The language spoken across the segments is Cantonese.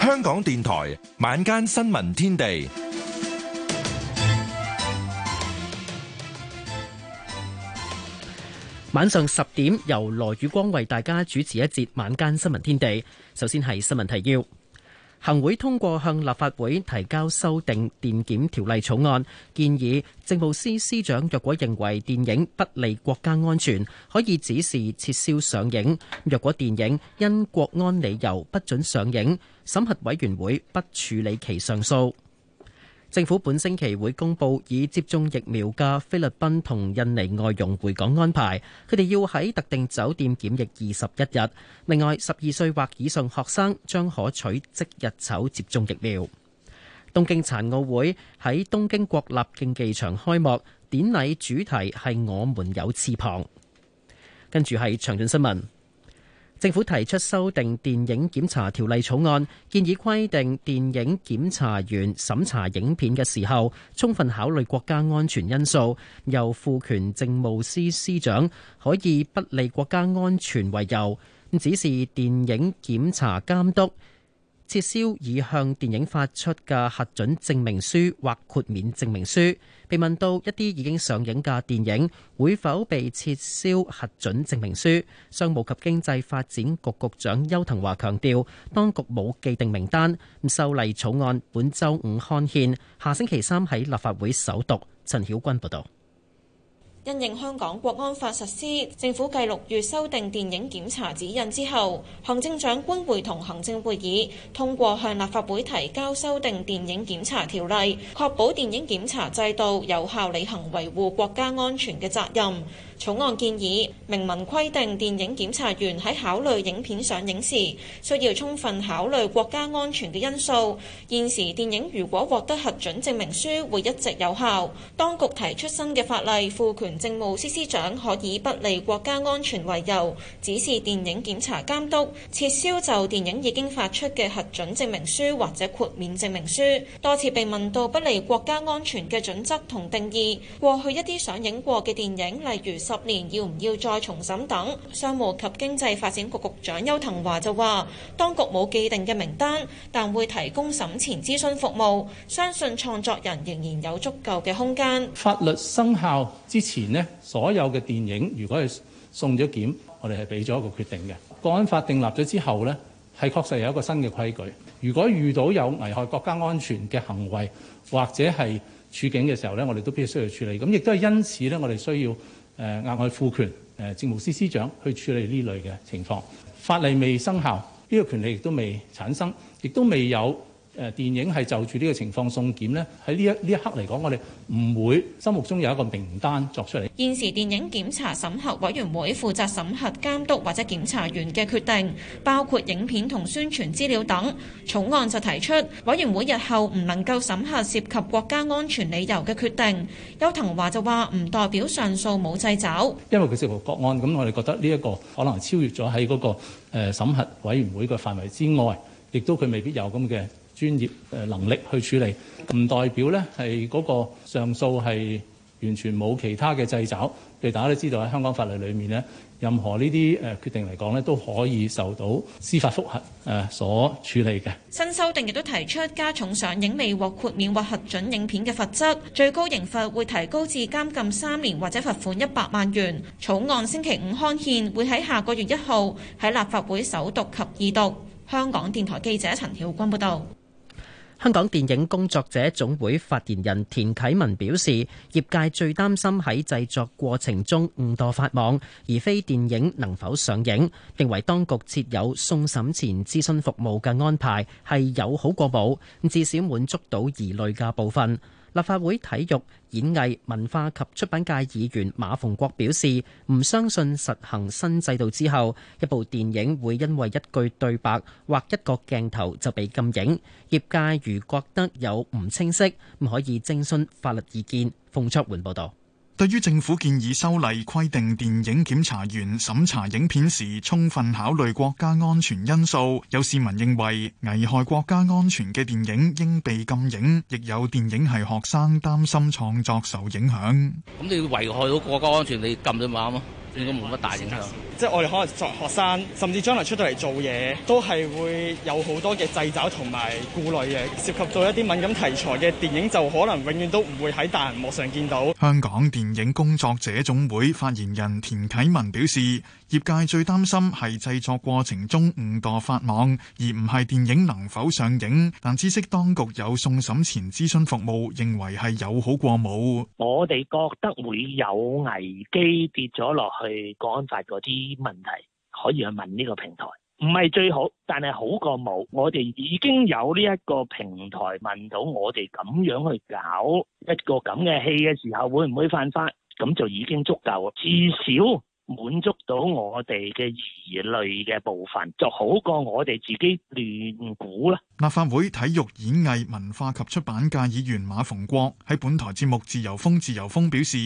香港電台晚間新聞天地，晚上十點由羅宇光為大家主持一節晚間新聞天地。首先係新聞提要。行會通過向立法會提交修訂電檢條例草案，建議政務司司長若果認為電影不利國家安全，可以指示撤銷上映；若果電影因國安理由不准上映，審核委員會不處理其上訴。政府本星期會公布已接種疫苗嘅菲律賓同印尼外傭回港安排，佢哋要喺特定酒店檢疫二十一日。另外，十二歲或以上學生將可取即日籌接種疫苗。東京殘奧會喺東京國立競技場開幕，典禮主題係我們有翅膀。跟住係詳盡新聞。政府提出修訂電影檢查條例草案，建議規定電影檢查員審查影片嘅時候，充分考慮國家安全因素，由賦權政務司司長可以不利國家安全為由，指示電影檢查監督。撤銷已向電影發出嘅核准證明書或豁免證明書。被問到一啲已經上映嘅電影會否被撤銷核准證明書，商務及經濟發展局局長邱騰華強調，當局冇既定名單。修例草案本周五刊憲，下星期三喺立法會首讀。陳曉君報道。因應香港國安法實施，政府繼六月修訂電影檢查指引之後，行政長官會同行政會議通過向立法會提交修訂電影檢查條例，確保電影檢查制度有效履行維護國家安全嘅責任。草案建議明文規定，電影檢查員喺考慮影片上映時，需要充分考慮國家安全嘅因素。現時電影如果獲得核准證明書，會一直有效。當局提出新嘅法例，賦權政務司司長可以不利國家安全為由，指示電影檢查監督撤銷就電影已經發出嘅核准證明書或者豁免證明書。多次被問到不利國家安全嘅準則同定義，過去一啲上映過嘅電影，例如十年要唔要再重審等？商務及經濟發展局局長邱騰華就話，當局冇既定嘅名單，但會提供審前諮詢服務。相信創作人仍然有足夠嘅空間。法律生效之前呢，所有嘅電影如果係送咗檢，我哋係俾咗一個決定嘅。國安法定立咗之後呢，係確實有一個新嘅規矩。如果遇到有危害國家安全嘅行為或者係處境嘅時候呢，我哋都必須要處理。咁亦都係因此呢，我哋需要。誒額外賦權，誒政務司司長去處理呢類嘅情況。法例未生效，呢、這個權利亦都未產生，亦都未有。誒電影係就住呢個情況送檢咧，喺呢一呢一刻嚟講，我哋唔會心目中有一個名單作出嚟。現時電影檢查審核委員會負責審核監督或者檢查員嘅決定，包括影片同宣傳資料等。草案就提出委員會日後唔能夠審核涉及國家安全理由嘅決定。邱騰華就話唔代表上訴冇制走，因為佢涉及國安咁，我哋覺得呢一個可能超越咗喺嗰個誒審核委員會嘅範圍之外，亦都佢未必有咁嘅。.專業能力去處理，唔代表呢係嗰個上訴係完全冇其他嘅製找。譬如大家都知道喺香港法律裏面呢，任何呢啲誒，決定嚟講呢都可以受到司法覆核。誒，所處理嘅新修訂亦都提出加重上映未獲豁免或核准影片嘅罰則，最高刑罰會提高至監禁三年或者罰款一百萬元。草案星期五刊憲，會喺下個月一號喺立法會首讀及二讀。香港電台記者陳曉君報導。香港電影工作者總會發言人田啟文表示，業界最擔心喺製作過程中誤墮法網，而非電影能否上映，認為當局設有送審前諮詢服務嘅安排，係有好過冇，至少滿足到疑慮嘅部分。立法會體育演藝文化及出版界議員馬逢國表示，唔相信實行新制度之後，一部電影會因為一句對白或一個鏡頭就被禁影。業界如覺得有唔清晰，唔可以徵詢法律意見。馮卓桓報導。對於政府建議修例規定電影檢查員審查影片時充分考慮國家安全因素，有市民認為危害國家安全嘅電影應被禁影，亦有電影系學生擔心創作受影響。咁你危害到國家安全，你禁咗咪啱。應該冇乜大影響。即係我哋可能作為學生，甚至將來出到嚟做嘢，都係會有好多嘅掣肘同埋顧慮嘅。涉及到一啲敏感題材嘅電影，就可能永遠都唔會喺大銀幕上見到。香港電影工作者總會發言人田啟文表示。業界最擔心係製作過程中誤墮法網，而唔係電影能否上映。但知識當局有送審前諮詢服務，認為係有好過冇。我哋覺得會有危機跌咗落去《國安法》嗰啲問題，可以去問呢個平台。唔係最好，但係好過冇。我哋已經有呢一個平台問到我哋咁樣去搞一個咁嘅戲嘅時候，會唔會犯法？咁就已經足夠啊，至少。滿足到我哋嘅疑慮嘅部分，就好過我哋自己亂估啦。立法會體育演藝文化及出版界議員馬逢國喺本台節目《自由風自由風》表示，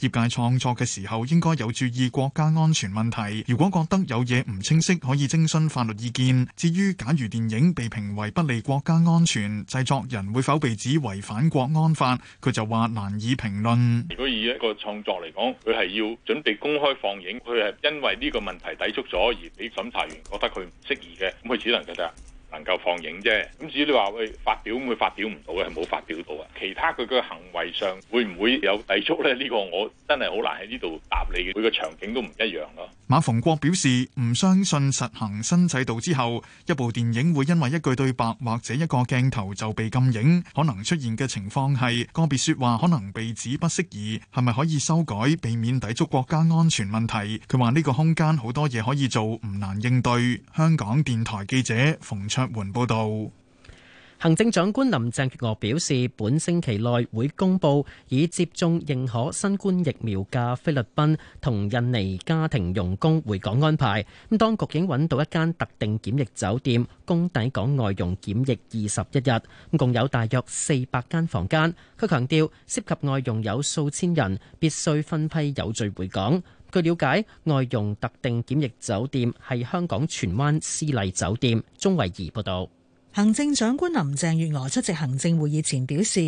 業界創作嘅時候應該有注意國家安全問題。如果覺得有嘢唔清晰，可以徵詢法律意見。至於假如電影被評為不利國家安全，製作人會否被指違反國安法？佢就話難以評論。如果以一個創作嚟講，佢係要準備公開放映，佢係因為呢個問題抵觸咗而俾審查員覺得佢唔適宜嘅，咁佢只能覺得。能夠放映啫，咁至於你話會發表，咁佢發表唔到嘅係冇發表到啊。其他佢嘅行為上會唔會有抵觸呢？呢個我真係好難喺呢度答你，每個場景都唔一樣咯。馬逢國表示唔相信實行新制度之後，一部電影會因為一句對白或者一個鏡頭就被禁影，可能出現嘅情況係個別説話可能被指不適宜，係咪可以修改避免抵觸國家安全問題？佢話呢個空間好多嘢可以做，唔難應對。香港電台記者馮。陳煥報道，行政長官林鄭月娥表示，本星期內會公布已接種認可新冠疫苗嘅菲律賓同印尼家庭傭工回港安排。咁當局已經揾到一間特定檢疫酒店，供抵港外佣檢疫二十一日，咁共有大約四百間房間。佢強調，涉及外佣有數千人，必須分批有序回港。據了解，外傭特定檢疫酒店係香港荃灣絲麗酒店。鍾慧儀報道。行政長官林鄭月娥出席行政會議前表示，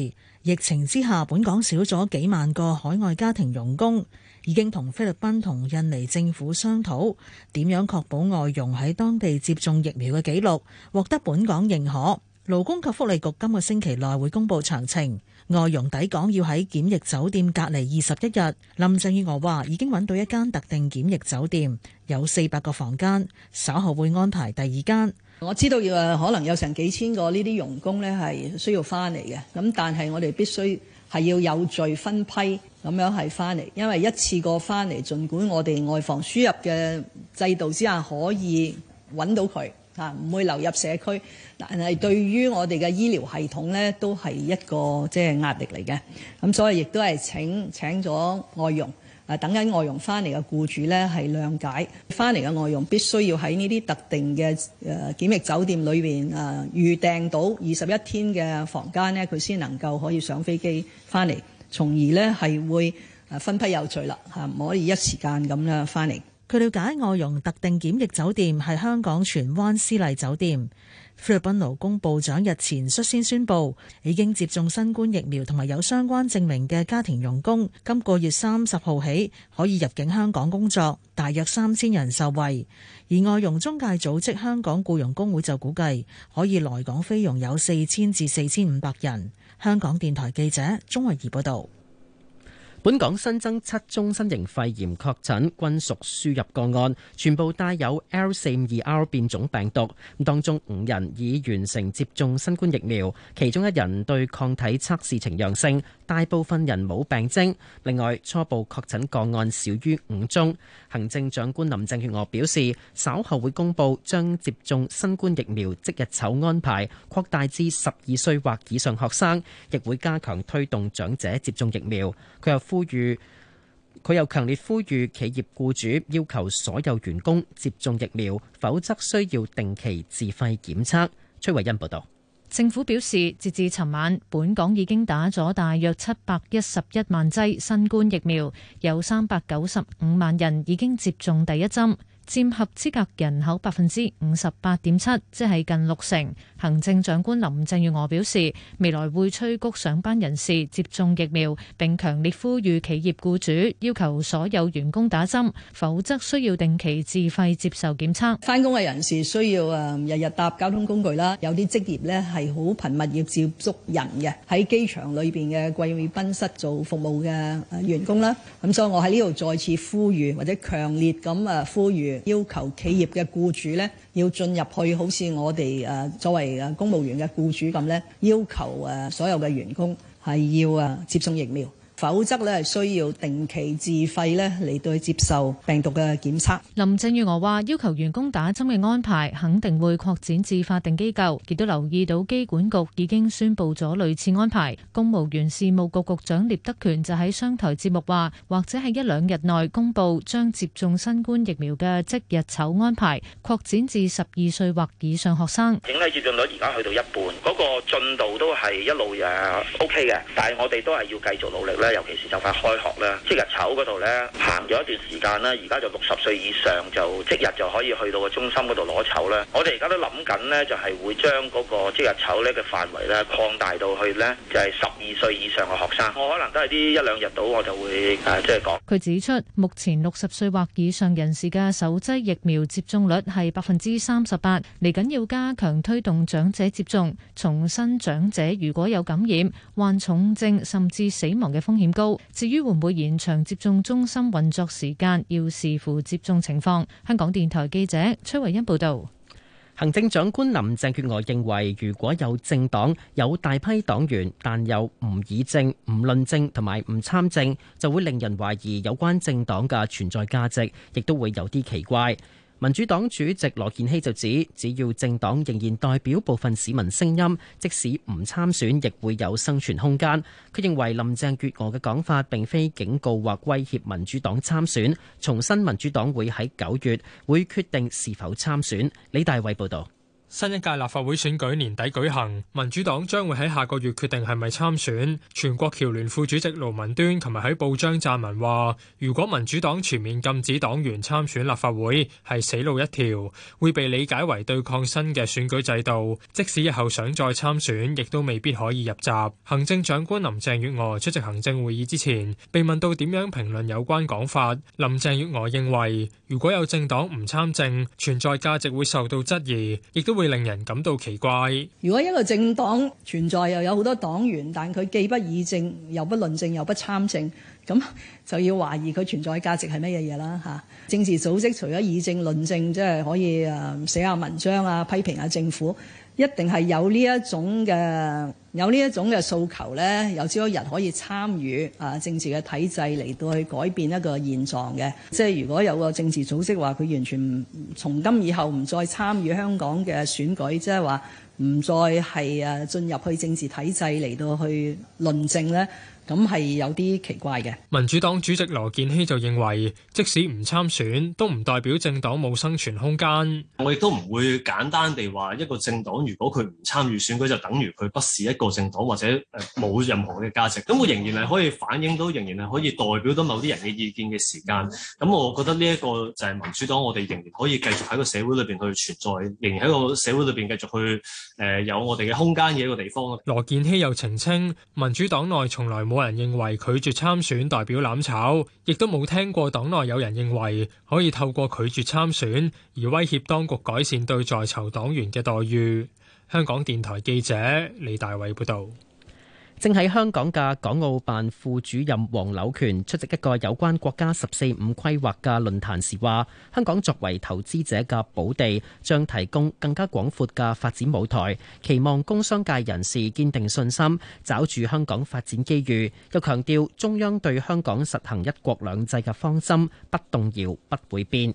疫情之下，本港少咗幾萬個海外家庭傭工，已經同菲律賓同印尼政府商討，點樣確保外傭喺當地接種疫苗嘅記錄獲得本港認可。勞工及福利局今個星期內會公布詳情。外傭抵港要喺檢疫酒店隔離二十一日。林鄭月娥話：已經揾到一間特定檢疫酒店，有四百個房間，稍後會安排第二間。我知道要可能有成幾千個呢啲傭工咧係需要翻嚟嘅，咁但係我哋必須係要有序分批咁樣係翻嚟，因為一次過翻嚟，盡管我哋外防輸入嘅制度之下可以揾到佢。啊，唔會流入社區，但係對於我哋嘅醫療系統咧，都係一個即係壓力嚟嘅。咁、嗯、所以亦都係請請咗外傭啊，等緊外傭翻嚟嘅僱主咧係諒解翻嚟嘅外傭必須要喺呢啲特定嘅誒、呃、檢疫酒店裏邊啊預訂到二十一天嘅房間咧，佢先能夠可以上飛機翻嚟，從而咧係會誒分批有序啦嚇，唔、啊、可以一時間咁樣翻嚟。佢了解外傭特定檢疫酒店係香港荃灣絲麗酒店。菲律賓勞工部長日前率先宣布，已經接種新冠疫苗同埋有相關證明嘅家庭傭工，今個月三十號起可以入境香港工作，大約三千人受惠。而外傭中介組織香港雇傭工會就估計可以來港菲傭有四千至四千五百人。香港電台記者鍾慧儀報道。本港新增七宗新型肺炎確診，均屬輸入個案，全部帶有 L452R 變種病毒。咁當中五人已完成接種新冠疫苗，其中一人對抗體測試呈陽性。大部分人冇病徵，另外初步確診個案少於五宗。行政長官林鄭月娥表示，稍後會公布將接種新冠疫苗即日籌安排擴大至十二歲或以上學生，亦會加強推動長者接種疫苗。佢又呼籲，佢又強烈呼籲企業雇主要求所有員工接種疫苗，否則需要定期自費檢測。崔慧欣報道。政府表示，截至昨晚，本港已經打咗大約七百一十一萬劑新冠疫苗，有三百九十五萬人已經接種第一針。佔合資格人口百分之五十八點七，即係近六成。行政長官林鄭月娥表示，未來會催谷上班人士接種疫苗，並強烈呼籲企業僱主要求所有員工打針，否則需要定期自費接受檢測。翻工嘅人士需要誒，日日搭交通工具啦，有啲職業呢係好頻密要接觸人嘅，喺機場裏邊嘅貴賓室做服務嘅員工啦。咁所以我喺呢度再次呼籲或者強烈咁呼籲。要求企業嘅僱主呢，要進入去好似我哋呃作為公務員嘅僱主咁呢，要求呃所有嘅員工係要接種疫苗。否則咧係需要定期自費咧嚟到接受病毒嘅檢測。林鄭月娥話：要求員工打針嘅安排肯定會擴展至法定機構。亦都留意到機管局已經宣布咗類似安排。公務員事務局局長聶德權就喺商台節目話：或者係一兩日內公佈將接種新冠疫苗嘅即日籌安排擴展至十二歲或以上學生。整體接種率而家去到一半，嗰個進度都係一路誒 OK 嘅，但係我哋都係要繼續努力咧。尤其是就快開學啦，即日籌嗰度咧行咗一段時間啦，而家就六十歲以上就即日就可以去到個中心嗰度攞籌啦，我哋而家都諗緊咧，就係會將嗰個即日籌咧嘅範圍咧擴大到去咧，就係十二歲以上嘅學生。我可能都係呢一兩日到，我就會誒即係講，佢，就是，指出，目前六十歲或以上人士嘅首劑疫苗接種率係百分之三十八，嚟緊要加強推動長者接種，重申長者如果有感染，患重症甚至死亡嘅風險。險高，至於會唔會延長接種中心運作時間，要視乎接種情況。香港電台記者崔維欣報道。行政長官林鄭月娥認為，如果有政黨有大批黨員，但又唔議政、唔論政同埋唔參政，就會令人懷疑有關政黨嘅存在價值，亦都會有啲奇怪。民主黨主席羅健熙就指，只要政黨仍然代表部分市民聲音，即使唔參選，亦會有生存空間。佢認為林鄭月娥嘅講法並非警告或威脅民主黨參選，重申民主黨會喺九月會決定是否參選。李大偉報導。新一屆立法會選舉年底舉行，民主黨將會喺下個月決定係咪參選。全國僑聯副主席盧文端琴日喺報章撰文話，如果民主黨全面禁止黨員參選立法會，係死路一條，會被理解為對抗新嘅選舉制度。即使日後想再參選，亦都未必可以入閘。行政長官林鄭月娥出席行政會議之前，被問到點樣評論有關講法，林鄭月娥認為，如果有政黨唔參政，存在價值會受到質疑，亦都，會令人感到奇怪。如果一個政黨存在又有好多黨員，但佢既不議政又不論政又不參政，咁就要懷疑佢存在嘅價值係乜嘢嘢啦，吓。政治組織除咗議政、論政，即係可以誒寫下文章啊，批評下政府，一定係有呢一種嘅。有呢一種嘅訴求咧，有朝一日可以參與啊政治嘅體制嚟到去改變一個現狀嘅。即係如果有個政治組織話佢完全從今以後唔再參與香港嘅選舉，即係話唔再係啊進入去政治體制嚟到去論證咧。咁係有啲奇怪嘅。民主黨主席羅健熙就認為，即使唔參選，都唔代表政黨冇生存空間，我亦都唔會簡單地話一個政黨如果佢唔參與選舉就等於佢不是一個政黨或者誒冇任何嘅價值。咁我仍然係可以反映到，仍然係可以代表到某啲人嘅意見嘅時間，咁我覺得呢一個就係民主黨，我哋仍然可以繼續喺個社會裏邊，去存在，仍然喺個社會裏邊繼續去誒、呃、有我哋嘅空間嘅一個地方。羅健熙又澄清，民主黨內從來冇。有人認為拒絕參選代表攬炒，亦都冇聽過黨內有人認為可以透過拒絕參選而威脅當局改善對在囚黨員嘅待遇。香港電台記者李大偉報道。正喺香港嘅港澳辦副主任黃柳權出席一個有關國家十四五規劃嘅論壇時，話香港作為投資者嘅寶地，將提供更加廣闊嘅發展舞台，期望工商界人士堅定信心，抓住香港發展機遇。又強調中央對香港實行一國兩制嘅方針不動搖，不會變。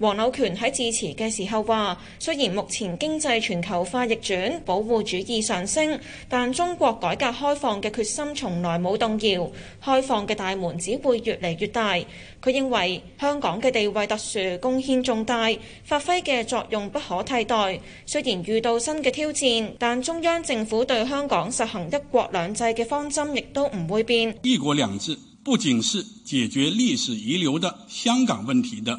黃柳權喺致辭嘅時候話，雖然目前經濟全球化逆轉，保護主義上升，但中國改革開放嘅決心從來冇動搖，開放嘅大門只會越嚟越大。佢認為香港嘅地位特殊，貢獻重大，發揮嘅作用不可替代。雖然遇到新嘅挑戰，但中央政府對香港實行一國兩制嘅方針亦都唔會變。一國兩制不僅是解決歷史遺留的香港問題的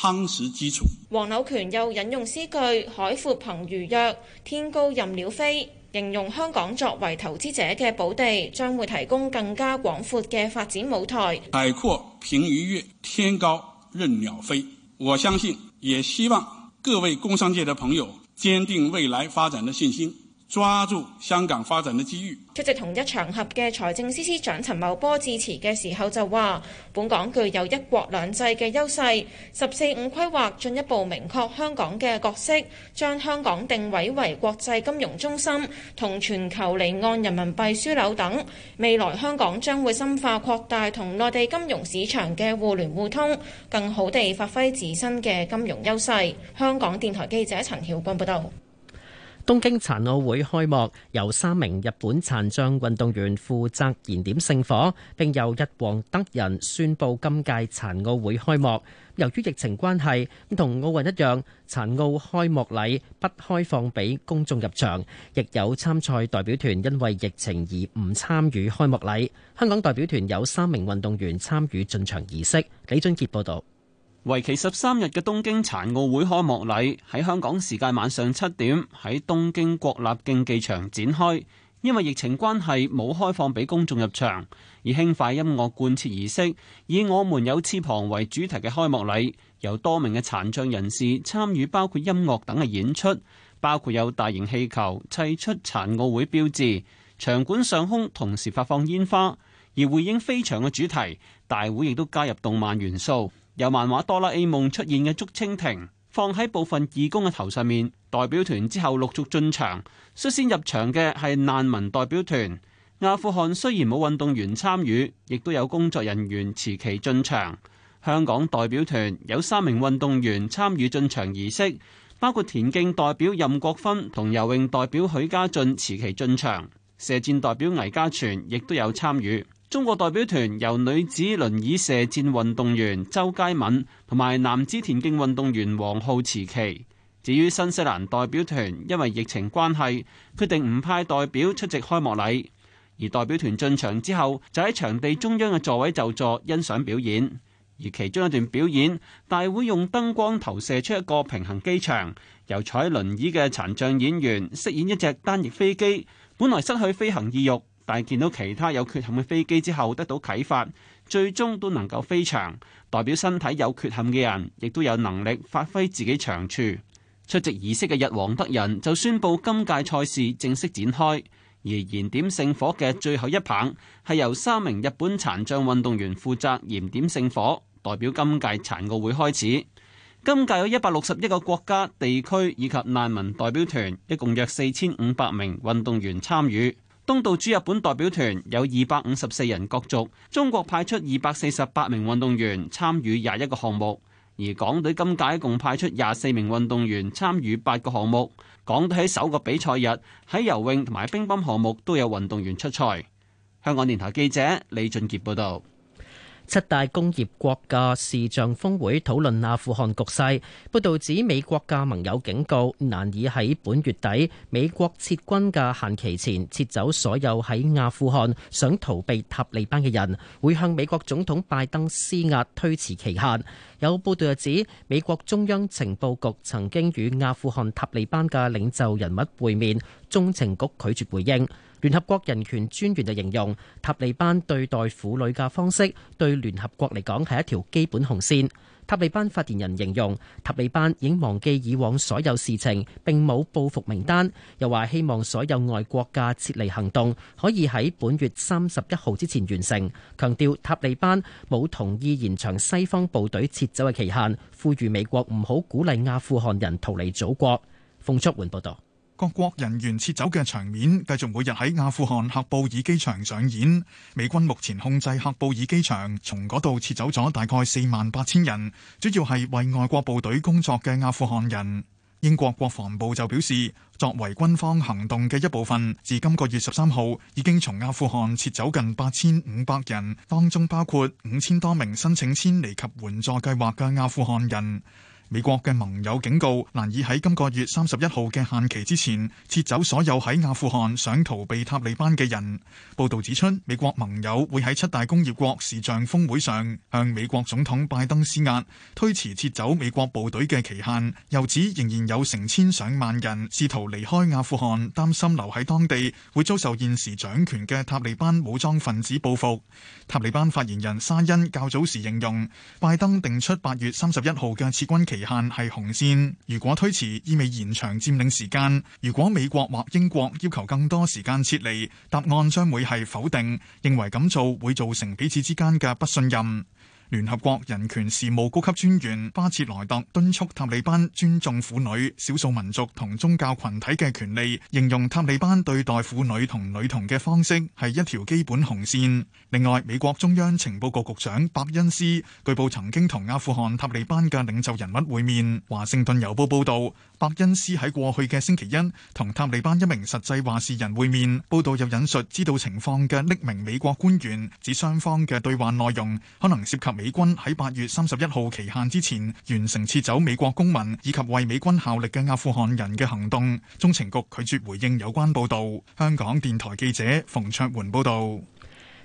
夯實基礎。黃柳權又引用詩句“海闊憑魚躍，天高任鳥飛”，形容香港作為投資者嘅寶地，將會提供更加廣闊嘅發展舞台。海闊憑魚躍，天高任鳥飛。我相信，也希望各位工商界嘅朋友，堅定未來發展的信心。抓住香港發展的機遇。出席同一場合嘅財政司司長陳茂波致辭嘅時候就話，本港具有一國兩制嘅優勢，十四五規劃進一步明確香港嘅角色，將香港定位為國際金融中心同全球離岸人民幣樞紐等。未來香港將會深化擴大同內地金融市場嘅互聯互通，更好地發揮自身嘅金融優勢，香港電台記者陳曉君報道。東京殘奧會開幕，由三名日本殘障運動員負責燃點聖火，並由日皇德仁宣布今屆殘奧會開幕。由於疫情關係，同奧運一樣，殘奧開幕禮不開放俾公眾入場，亦有參賽代表團因為疫情而唔參與開幕禮。香港代表團有三名運動員參與進場儀式。李俊傑報道。為期十三日嘅東京殘奧會開幕禮喺香港時間晚上七點喺東京國立競技場展開，因為疫情關係冇開放俾公眾入場，以輕快音樂貫徹儀式，以我們有翅膀為主題嘅開幕禮，由多名嘅殘障人士參與，包括音樂等嘅演出，包括有大型氣球砌出殘奧會標誌，場館上空同時發放煙花，而回應飛翔嘅主題，大會亦都加入動漫元素。由漫畫哆啦 A 夢出現嘅竹蜻蜓放喺部分義工嘅頭上面，代表團之後陸續進場。率先入場嘅係難民代表團。阿富汗雖然冇運動員參與，亦都有工作人員持旗進場。香港代表團有三名運動員參與進場儀式，包括田徑代表任國芬同游泳代表許家俊持旗進場，射箭代表倪家全亦都有參與。中國代表團由女子輪椅射箭運動員周佳敏同埋男子田徑運動員王浩慈旗。至於新西蘭代表團，因為疫情關係，決定唔派代表出席開幕禮。而代表團進場之後，就喺場地中央嘅座位就座欣賞表演。而其中一段表演，大會用燈光投射出一個平行機場，由坐喺輪椅嘅殘障演員飾演一隻單翼飛機，本來失去飛行意欲。但係見到其他有缺陷嘅飛機之後，得到啟發，最終都能夠飛翔，代表身體有缺陷嘅人，亦都有能力發揮自己長處。出席儀式嘅日皇德仁就宣布今屆賽事正式展開。而燃點聖火嘅最後一棒係由三名日本殘障運動員負責燃點聖火，代表今屆殘奧會開始。今屆有一百六十一個國家地區以及難民代表團，一共約四千五百名運動員參與。東道主日本代表團有二百五十四人角逐，中國派出二百四十八名運動員參與廿一個項目，而港隊今屆共派出廿四名運動員參與八個項目。港隊喺首個比賽日喺游泳同埋乒乓項目都有運動員出賽。香港電台記者李俊杰報道。七大工業國家視像峰會討論阿富汗局勢。報道指美國嘅盟友警告，難以喺本月底美國撤軍嘅限期前撤走所有喺阿富汗想逃避塔利班嘅人，會向美國總統拜登施壓推遲期限。有報道又指美國中央情報局曾經與阿富汗塔利班嘅領袖人物會面，中情局拒絕回應。聯合國人權專員就形容塔利班對待婦女嘅方式，對聯合國嚟講係一條基本紅線。塔利班發言人形容塔利班已經忘記以往所有事情，並冇報復名單。又話希望所有外國嘅撤離行動可以喺本月三十一號之前完成，強調塔利班冇同意延長西方部隊撤走嘅期限，呼籲美國唔好鼓勵阿富汗人逃離祖國。馮卓桓報導。各國人員撤走嘅場面繼續每日喺阿富汗喀布爾機場上演。美軍目前控制喀布爾機場，從嗰度撤走咗大概四萬八千人，主要係為外國部隊工作嘅阿富汗人。英國國防部就表示，作為軍方行動嘅一部分，自今個月十三號已經從阿富汗撤走近八千五百人，當中包括五千多名申請遷離及援助計劃嘅阿富汗人。美國嘅盟友警告，難以喺今個月三十一號嘅限期之前撤走所有喺阿富汗想逃避塔利班嘅人。報導指出，美國盟友會喺七大工業國視像峰會上向美國總統拜登施壓，推遲撤走美國部隊嘅期限。又指仍然有成千上萬人試圖離開阿富汗，擔心留喺當地會遭受現時掌權嘅塔利班武裝分子報復。塔利班發言人沙欣較早時形容，拜登定出八月三十一號嘅撤軍期限係紅綫，如果推遲意味延長佔領時間。如果美國或英國要求更多時間撤離，答案將會係否定，認為咁做會造成彼此之間嘅不信任。聯合國人權事務高級專員巴切萊特敦促塔利班尊重婦女、少數民族同宗教群體嘅權利，形容塔利班對待婦女同女童嘅方式係一條基本紅線。另外，美國中央情報局局長伯恩斯據報曾經同阿富汗塔利班嘅領袖人物會面。華盛頓郵報報道。白恩斯喺過去嘅星期一同塔利班一名實際話事人會面，報道又引述知道情況嘅匿名美國官員，指雙方嘅對話內容可能涉及美軍喺八月三十一號期限之前完成撤走美國公民以及為美軍效力嘅阿富汗人嘅行動。中情局拒絕回應有關報道。香港電台記者馮卓桓報道。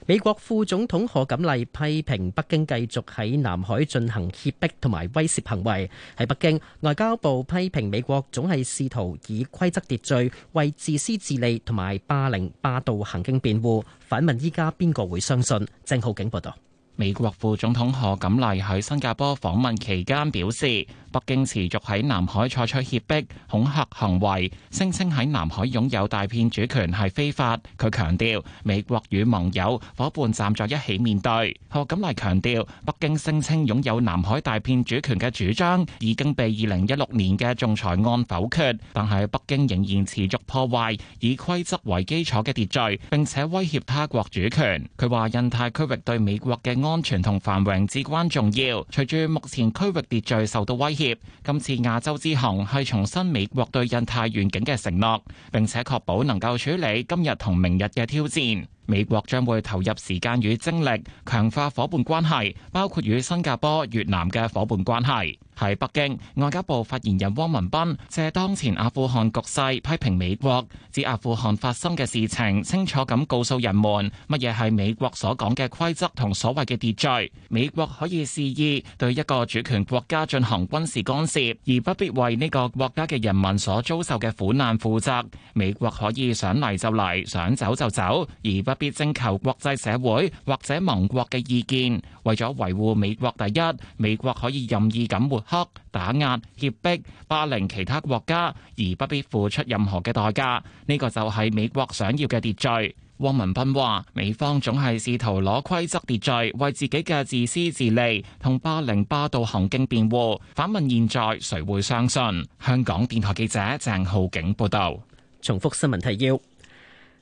美國副總統賀錦麗批評北京繼續喺南海進行脅迫同埋威懾行為。喺北京，外交部批評美國總係試圖以規則秩序為自私自利同埋霸凌霸道行徑辯護，反問依家邊個會相信？鄭浩景報道，美國副總統賀錦麗喺新加坡訪問期間表示。北京持續喺南海採取脅迫、恐嚇行為，聲稱喺南海擁有大片主權係非法。佢強調，美國與盟友伙伴站在一起面對。何錦麗強調，北京聲稱擁有南海大片主權嘅主張已經被二零一六年嘅仲裁案否決，但係北京仍然持續破壞以規則為基礎嘅秩序，並且威脅他國主權。佢話印太區域對美國嘅安全同繁榮至關重要，隨住目前區域秩序受到威脅。今次亞洲之行係重申美國對印太願景嘅承諾，並且確保能夠處理今日同明日嘅挑戰。美國將會投入時間與精力，強化夥伴關係，包括與新加坡、越南嘅夥伴關係。喺北京，外交部發言人汪文斌借當前阿富汗局勢，批評美國，指阿富汗發生嘅事情清楚咁告訴人們，乜嘢係美國所講嘅規則同所謂嘅秩序。美國可以肆意對一個主權國家進行軍事干涉，而不必為呢個國家嘅人民所遭受嘅苦難負責。美國可以想嚟就嚟，想走就走，而不特別徵求國際社會或者盟國嘅意見，為咗維護美國第一，美國可以任意咁抹黑、打壓、脅迫、霸凌其他國家，而不必付出任何嘅代價。呢個就係美國想要嘅秩序。汪文斌話：美方總係試圖攞規則秩序為自己嘅自私自利同霸凌霸道行徑辯護。反問現在誰會相信？香港電台記者鄭浩景報道。重複新聞提要。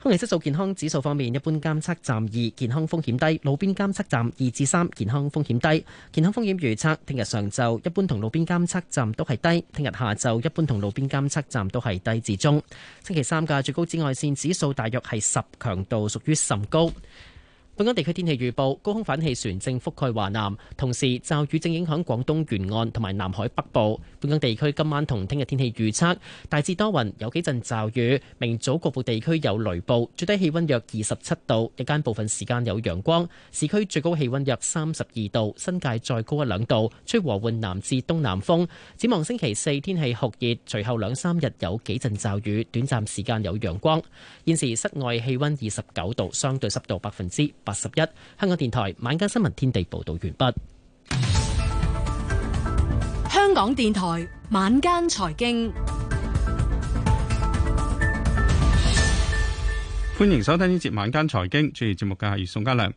空氣質素健康指數方面，一般監測站二，健康風險低；路邊監測站二至三，健康風險低。健康風險預測：聽日上晝一般同路邊監測站都係低；聽日下晝一般同路邊監測站都係低至中。星期三嘅最高紫外線指數大約係十，強度屬於甚高。本港地區天氣預報，高空反氣旋正覆蓋華南，同時驟雨正影響廣東沿岸同埋南海北部。本港地區今晚同聽日天氣預測大致多雲，有幾陣驟雨。明早局部地區有雷暴，最低氣溫約二十七度，日間部分時間有陽光。市區最高氣溫約三十二度，新界再高一兩度。吹和緩南至東南風。展望星期四天氣酷熱，隨後兩三日有幾陣驟雨，短暫時間有陽光。現時室外氣溫二十九度，相對濕度百分之八十一，香港電台晚間新聞天地報道完畢。香港電台晚間財經，歡迎收聽呢節晚間財經，主持節目嘅係宋家良。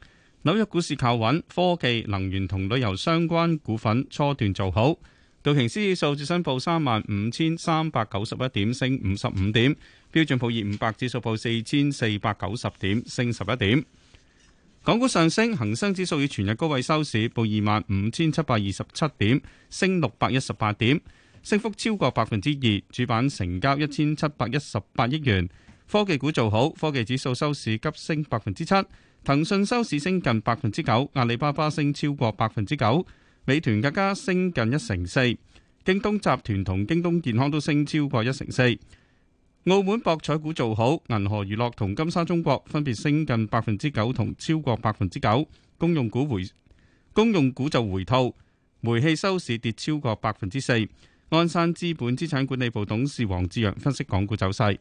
紐約股市靠穩，科技、能源同旅遊相關股份初段做好。道瓊斯指數續升報三萬五千三百九十一點，升五十五點；標準普爾五百指數報四千四百九十點，升十一點。港股上升，恒生指數以全日高位收市，報二萬五千七百二十七點，升六百一十八點，升幅超過百分之二。主板成交一千七百一十八億元。科技股做好，科技指數收市急升百分之七。騰訊收市升近百分之九，阿里巴巴升超過百分之九，美團更加升近一成四，京東集團同京東健康都升超過一成四。澳門博彩股做好，銀河娛樂同金沙中國分別升近百分之九同超過百分之九。公用股回公用股就回吐，煤氣收市跌超過百分之四。鞍山資本資產管理部董事黃志陽分析港股走勢。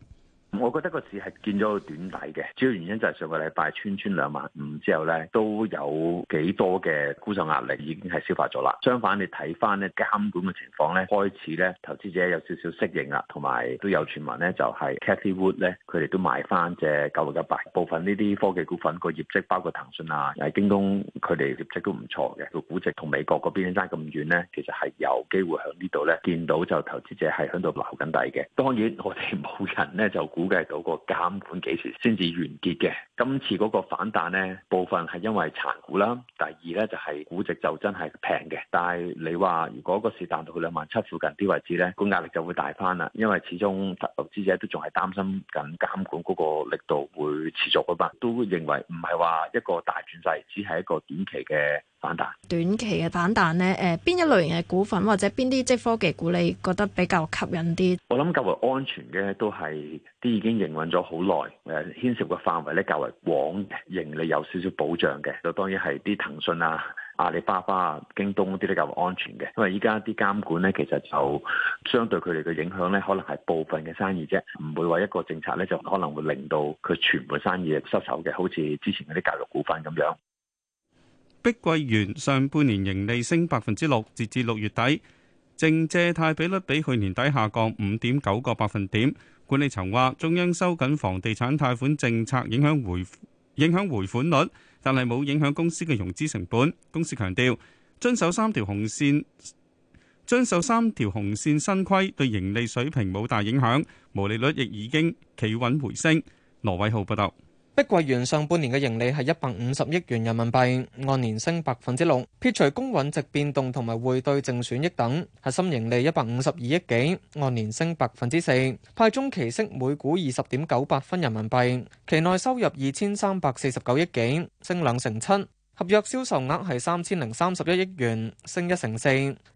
我覺得個市係見咗個短底嘅，主要原因就係上個禮拜穿穿兩萬五之後咧，都有幾多嘅沽售壓力已經係消化咗啦。相反，你看看呢，你睇翻咧監管嘅情況咧，開始咧投資者有少少適應啦，同埋都有傳聞咧就係、是、Cathy Wood 咧，佢哋都賣翻隻九六一八部分呢啲科技股份個業績，包括騰訊啊、係京東，佢哋業績都唔錯嘅，個估值同美國嗰邊差咁遠咧，其實係有機會喺呢度咧見到就投資者係喺度撈緊底嘅。當然我哋冇人咧就。估計到個監管幾時先至完結嘅？今次嗰個反彈咧，部分係因為殘股啦。第二咧就係估值就真係平嘅。但係你話如果個市彈到去兩萬七附近啲位置咧，個壓力就會大翻啦。因為始終投資者都仲係擔心緊監管嗰個力度會持續啊嘛。都會認為唔係話一個大轉勢，只係一個短期嘅。反彈，短期嘅反彈咧，誒，邊一類型嘅股份或者邊啲即係科技股，你覺得比較吸引啲？我諗較為安全嘅都係啲已經營運咗好耐，誒，牽涉嘅範圍咧較為廣，盈利有少少保障嘅，就當然係啲騰訊啊、阿里巴巴啊、京東啲都較為安全嘅，因為依家啲監管咧其實就相對佢哋嘅影響咧，可能係部分嘅生意啫，唔會話一個政策咧就可能會令到佢全部生意失手嘅，好似之前嗰啲教育股份咁樣。碧桂園上半年盈利升百分之六，截至六月底，淨借貸比率比去年底下降五點九個百分點。管理層話，中央收緊房地產貸款政策影響回影響回款率，但係冇影響公司嘅融資成本。公司強調遵守三條紅線，遵守三條紅線新規對盈利水平冇大影響，毛利率亦已經企穩回升。羅偉浩報道。碧桂園上半年嘅盈利係一百五十億元人民幣，按年升百分之六。撇除公允值變動同埋匯兌淨損益等，核心盈利一百五十二億幾，按年升百分之四。派中期息每股二十點九八分人民幣，期內收入二千三百四十九億幾，升兩成七。合約銷售額係三千零三十一億元，升一成四。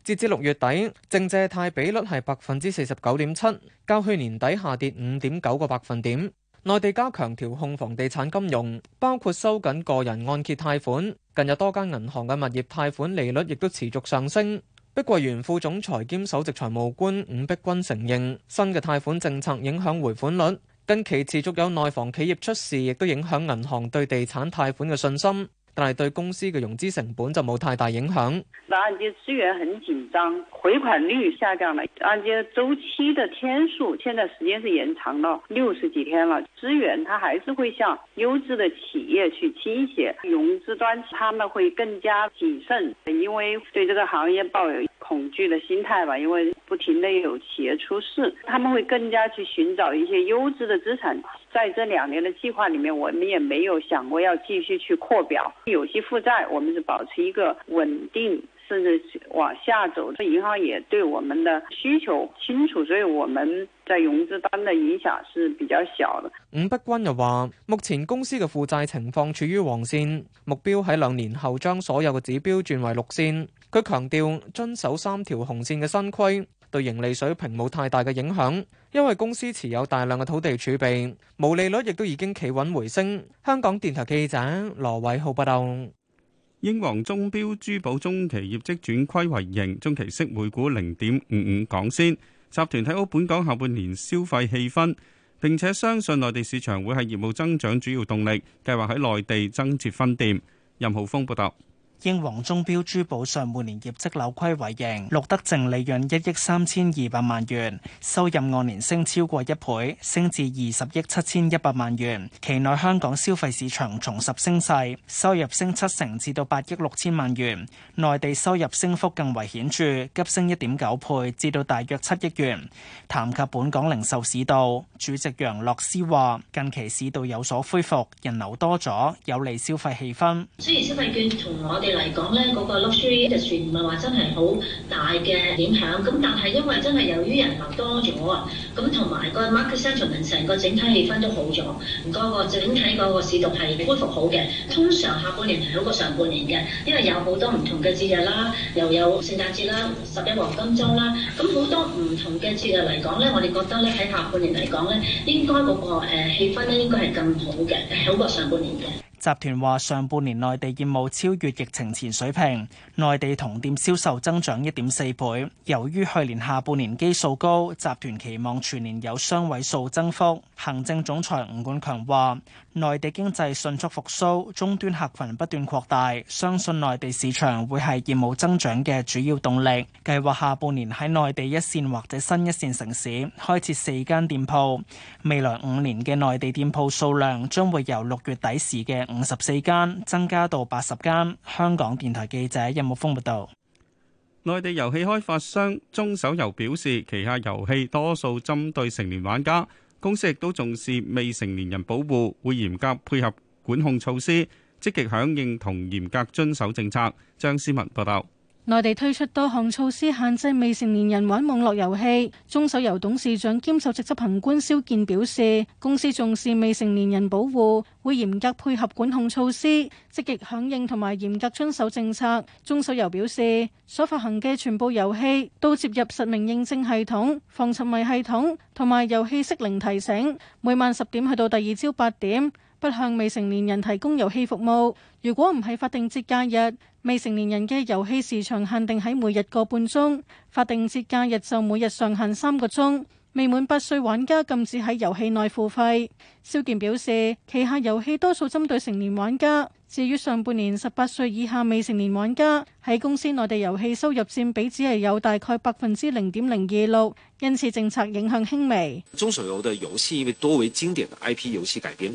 截至六月底，淨借貸比率係百分之四十九點七，較去年底下跌五點九個百分點。內地加強調控房地產金融，包括收緊個人按揭貸款。近日多間銀行嘅物業貸款利率亦都持續上升。碧桂園副總裁兼首席財務官伍碧君承認，新嘅貸款政策影響回款率，近期持續有內房企業出事，亦都影響銀行對地產貸款嘅信心。但係對公司嘅融資成本就冇太大影響。那按揭資源很緊張，回款率下降了。按揭周期的天數現在時間是延長到六十幾天了。資源它還是會向優質的企業去傾斜，融資端他們會更加謹慎，因為對這個行業抱有恐懼的心態吧，因為不停的有企業出事，他們會更加去尋找一些優質的資產。在這兩年的計劃裏面，我們也沒有想過要繼續去擴表。有些負債，我們是保持一個穩定，甚至往下走。這銀行也對我們的需求清楚，所以我們在融資端的影響是比較小的。伍碧君又話，目前公司嘅負債情況處於黃線，目標喺兩年後將所有嘅指標轉為綠線。佢強調，遵守三條紅線嘅新規，對盈利水平冇太大嘅影響。因為公司持有大量嘅土地儲備，毛利率亦都已經企穩回升。香港電台記者羅偉浩報道。英皇鐘錶珠寶中期業績轉虧為盈，中期息每股零點五五港仙。集團睇好本港下半年消費氣氛，並且相信內地市場會係業務增長主要動力，計劃喺內地增設分店。任浩峯報道。英皇鐘錶珠寶上半年業績扭虧為盈，錄得淨利潤一億三千二百萬元，收入按年升超過一倍，升至二十億七千一百萬元。期內香港消費市場重拾升勢，收入升七成至到八億六千萬元。內地收入升幅更為顯著，急升一點九倍至到大約七億元。談及本港零售市道，主席楊樂思話：近期市道有所恢復，人流多咗，有利消費氣氛。嚟講咧，嗰、那個 luxury 就算唔係話真係好大嘅影響，咁但係因為真係由於人流多咗啊，咁同埋個 market sentiment 成個整體氣氛都好咗，個、那個整體嗰個市道係恢復好嘅。通常下半年係好過上半年嘅，因為有好多唔同嘅節日啦，又有聖誕節啦、十一黃金周啦，咁好多唔同嘅節日嚟講咧，我哋覺得咧喺下半年嚟講咧，應該嗰、那個氣、呃、氛咧應該係更好嘅，好過上半年嘅。集團話上半年內地業務超越疫情前水平，內地同店銷售增長一點四倍。由於去年下半年基數高，集團期望全年有雙位數增幅。行政總裁吳冠強話。內地經濟迅速復甦，終端客群不斷擴大，相信內地市場會係業務增長嘅主要動力。計劃下半年喺內地一線或者新一線城市開設四間店鋪，未來五年嘅內地店鋪數量將會由六月底時嘅五十四間增加到八十間。香港電台記者任木峰報道。內地遊戲開發商中手遊表示，旗下遊戲多數針對成年玩家。公司亦都重視未成年人保護，會嚴格配合管控措施，積極響應同嚴格遵守政策。張思文報道。內地推出多項措施限制未成年人玩網絡遊戲。中手游董事長兼首席執行官肖健表示，公司重視未成年人保護，會嚴格配合管控措施，積極響應同埋嚴格遵守政策。中手游表示，所發行嘅全部遊戲都接入實名認證系統、防沉迷系統同埋遊戲適齡提醒，每晚十點去到第二朝八點，不向未成年人提供遊戲服務。如果唔係法定節假日，未成年人嘅遊戲時長限定喺每日個半鐘，法定節假日就每日上限三個鐘。未滿八歲玩家禁止喺遊戲內付費。肖健表示，旗下遊戲多數針對成年玩家。至於上半年十八歲以下未成年玩家喺公司內地遊戲收入佔比只係有大概百分之零點零二六，因此政策影響輕微。中手遊嘅遊戲因為多為經典嘅 IP 遊戲改編。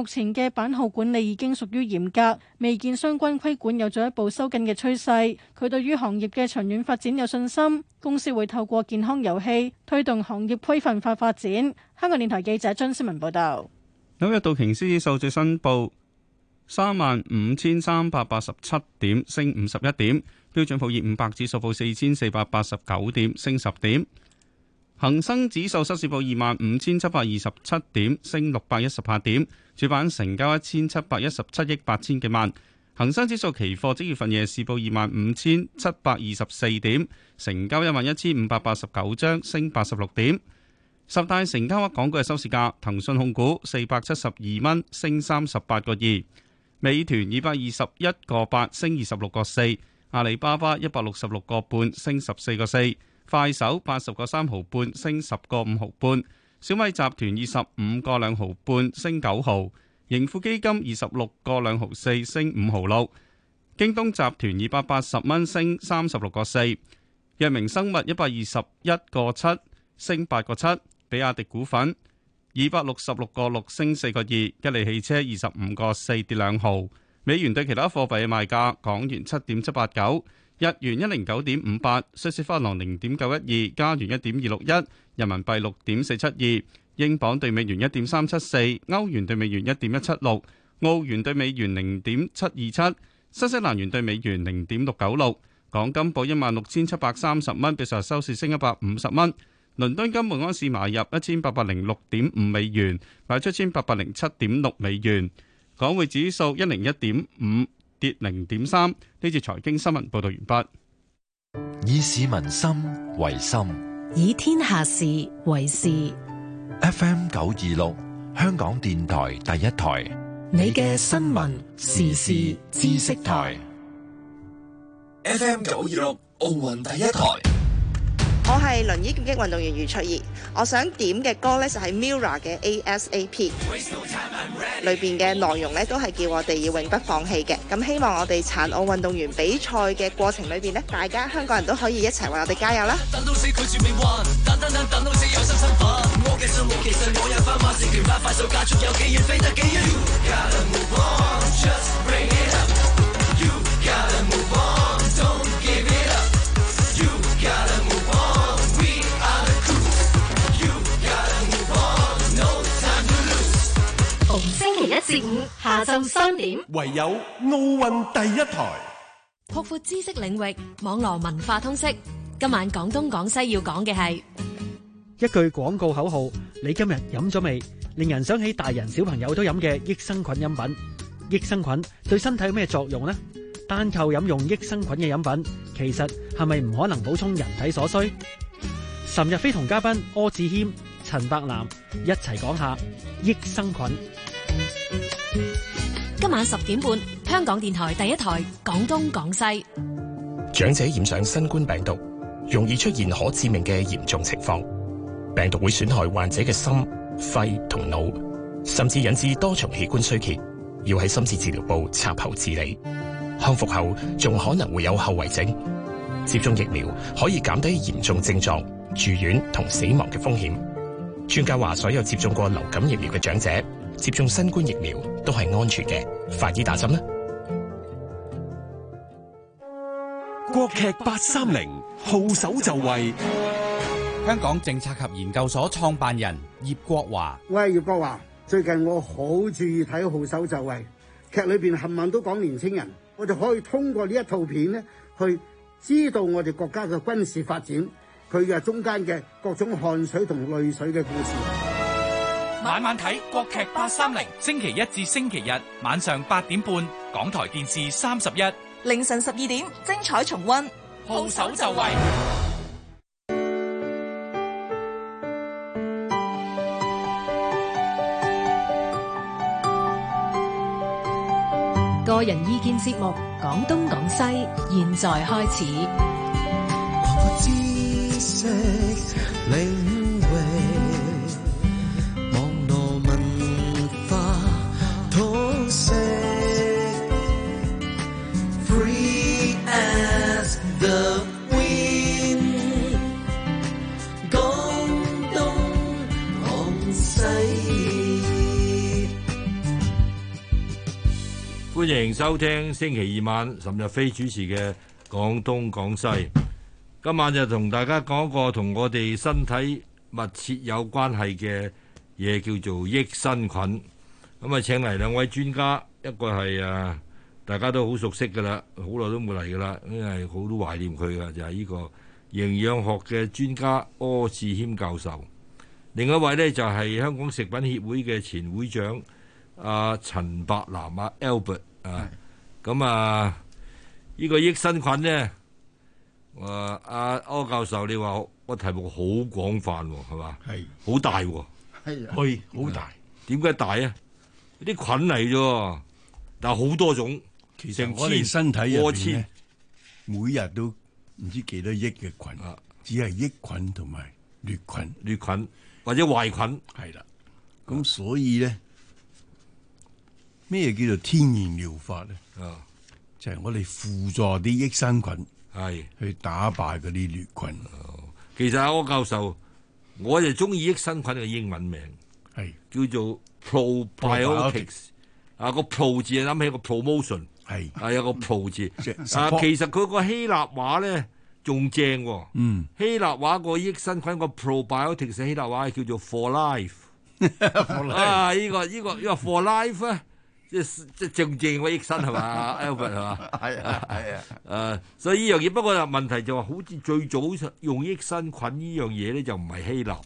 目前嘅版號管理已經屬於嚴格，未見相關規管有進一步收緊嘅趨勢。佢對於行業嘅長遠發展有信心，公司會透過健康遊戲推動行業規範化發展。香港電台記者張思文報道。紐約道瓊斯指數收報三萬五千三百八十七點，升五十一點；標準普爾五百指數報四千四百八十九點，升十點。恒生指數收市報二萬五千七百二十七點，升六百一十八點。主板成交一千七百一十七億八千幾萬。恒生指數期貨即月份夜市報二萬五千七百二十四點，成交一萬一千五百八十九張，升八十六點。十大成交額港股嘅收市價：騰訊控股四百七十二蚊，升三十八個二；美團二百二十一個八，升二十六個四；阿里巴巴一百六十六個半，升十四個四。快手八十個三毫半，升十個五毫半；小米集團二十五個兩毫半，升九毫；盈富基金二十六個兩毫四，升五毫六；京東集團二百八十蚊，升三十六個四；藥明生物一百二十一個七，升八個七；比亞迪股份二百六十六個六，升四個二；吉利汽車二十五個四，跌兩毫；美元對其他貨幣嘅賣價，港元七點七八九。日元一零九點五八，瑞士法郎零點九一二，加元一點二六一，人民幣六點四七二，英鎊兌美元一點三七四，歐元兌美元一點一七六，澳元兌美元零點七二七，新西蘭元兌美元零點六九六。港金報一萬六千七百三十蚊，比上日收市升一百五十蚊。倫敦金每安士買入一千八百零六點五美元，賣出一千八百零七點六美元。港匯指數一零一點五，跌零點三，呢節財經新聞報道完畢。以市民心為心，以天下事為事。F M 九二六香港電台第一台，你嘅新聞時事知識台。F M 九二六奧運第一台，我係輪椅劍擊運動員余卓葉。我想點嘅歌咧就係 MIRROR 嘅 A S A P，裏面嘅內容咧都係叫我哋要永不放棄嘅。咁希望我哋殘奧運動員比賽嘅過程裏面呢，大家香港人都可以一齊為我哋加油啦！一至五下晝三點，唯有奧運第一台。拓闊知識領域，網絡文化通識。今晚講東講西要講嘅係一句廣告口號，你今日飲咗未？令人想起大人小朋友都飲嘅益生菌飲品。益生菌對身體有咩作用呢？單靠飲用益生菌嘅飲品，其實係咪唔可能補充人體所需？岑日飛同嘉賓柯志謙、陳伯南一齊講下益生菌。今晚十點半，香港電台第一台《廣東廣西》。長者染上新冠病毒，容易出現可致命嘅嚴重情況。病毒會損害患者嘅心、肺同腦，甚至引致多重器官衰竭，要喺深切治療部插喉治理。康復後仲可能會有後遺症。接種疫苗可以減低嚴重症狀、住院同死亡嘅風險。專家話，所有接種過流感疫苗嘅長者。接種新冠疫苗都係安全嘅，快啲打針啦！國劇八三零號手就位，香港政策及研究所創辦人葉國華。喂，葉國華，最近我好注意睇《號手就位》，劇裏邊冚唪唥都講年青人，我哋可以通過呢一套片呢，去知道我哋國家嘅軍事發展，佢嘅中間嘅各種汗水同淚水嘅故事。晚晚睇國劇八三零，星期一至星期日晚上八點半，港台電視三十一，凌晨十二點精彩重溫，號手就位。個人意見節目，《講東講西》，現在開始。收聽星期二晚岑日飛主持嘅《講東講西》，今晚就同大家講個同我哋身體密切有關係嘅嘢，叫做益生菌。咁啊，請嚟兩位專家，一個係啊，大家都好熟悉噶啦，好耐都冇嚟噶啦，因為好多懷念佢噶，就係呢個營養學嘅專家柯志謙教授。另一位呢，就係香港食品協會嘅前會長阿陳伯南阿 Albert。啊，咁啊，呢、這個益生菌咧，啊阿柯教授，你話個題目好廣泛喎、啊，係嘛？係的，好大喎，係，係，好大。點解大啊？啲的菌嚟啫，但係好多種，其實我哋身體入邊咧，次每日都唔知幾多億嘅菌，啊、只係益菌同埋劣菌、劣菌或者壞菌，係啦。咁所以咧。啊咩叫做天然療法咧？啊、哦，就係我哋輔助啲益生菌，係去打敗嗰啲劣菌。哦、其實阿個教授，我就中意益生菌嘅英文名，係是叫做 probiotics pro。啊，個 pro 字諗起個 promotion，係係有是、啊嗰個 pro 字。 啊，其實佢個希臘話咧仲正喎、哦。嗯，希臘話個益生菌個 probiotics，希臘話叫做 for life。啊，依、呢個呢、呢個呢個 for life 啊！ 即即正正嗰益生係嘛，Albert 係嘛，係啊係啊，誒， uh, 所以呢樣嘢，不過問題就話、是、好似最早用益生菌呢樣嘢咧就唔係希臘。